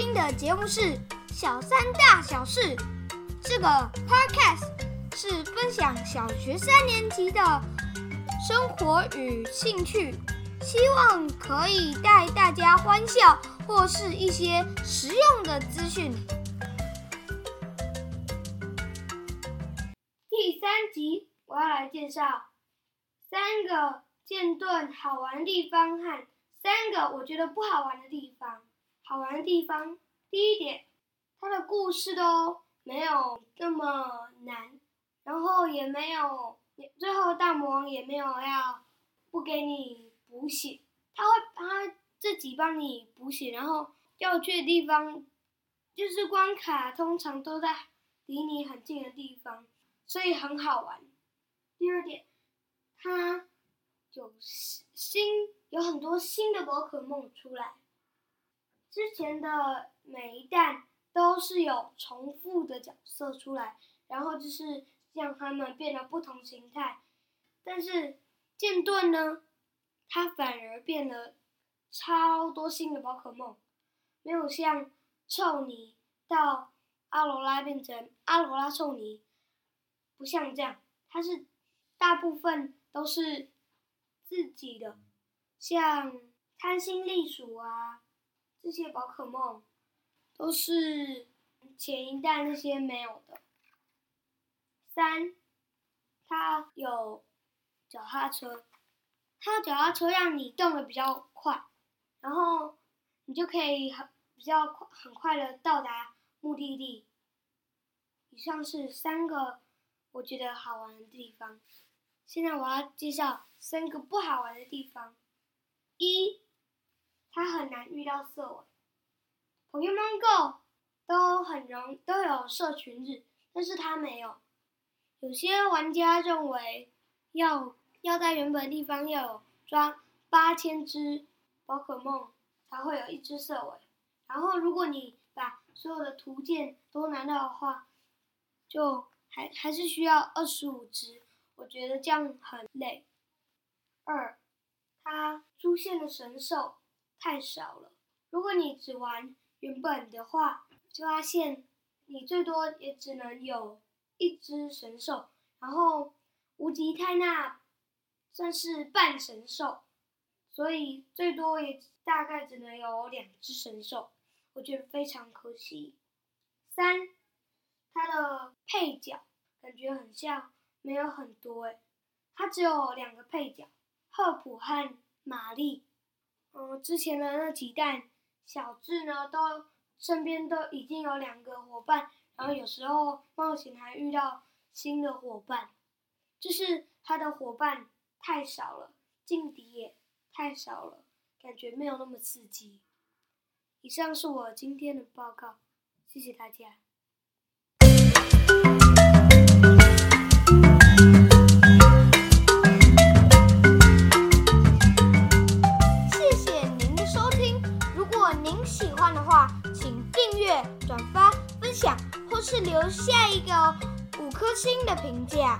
新的節目是《小三大小事》，這個 podcast 是分享小學三年級的生活與興趣，希望可以帶大家歡笑或是一些實用的資訊。第三集我要來介紹三個劍盾好玩的地方和三個我覺得不好玩的地方。好玩的地方，第一點，它的故事都沒有這麼難，然後也沒有，最後大魔王也沒有要不給你補血，他會他自己幫你補血，然後要去的地方就是關卡，通常都在離你很近的地方，所以很好玩。第二點，它有新，有很多新的寶可夢出來。之前的每一代都是有重複的角色出來，然後就是讓它們變得不同形態，但是劍盾呢，它反而變得超多新的寶可夢，沒有像臭泥到阿羅拉變成阿羅拉臭泥，不像這樣，它是大部分都是自己的，像貪心栗鼠啊。這些寶可夢都是前一代那些沒有的。三，它有腳踏車，它腳踏車讓你動的比較快，然後你就可以很，比較快，很快的到達目的地。以上是三個我覺得好玩的地方。現在我要介紹三個不好玩的地方。一。他很難遇到色違，朋友們，Go，都很容易都有社群日，但是他沒有。有些玩家認為要，要要在原本地方要有抓八千隻寶可夢才會有一隻色違，然後如果你把所有的圖鑑都拿到的話，就還還是需要二十五隻，我覺得這樣很累。二，它出現了神獸。太少了！如果你只玩原本的話，就發現你最多也只能有一隻神獸，然後無極汰那算是半神獸，所以最多也大概只能有兩隻神獸，我覺得非常可惜。三，它的配角感覺很像，沒有很多誒、欸，它只有兩個配角，赫普和瑪麗。嗯，之前的那幾代小智呢，都身邊都已經有兩個夥伴，然後有時候冒險還遇到新的夥伴，就是他的夥伴太少了，勁敵也太少了，感覺沒有那麼刺激。以上是我今天的報告，謝謝大家。轉發、分享，或是留下一個、哦、五顆星的評價。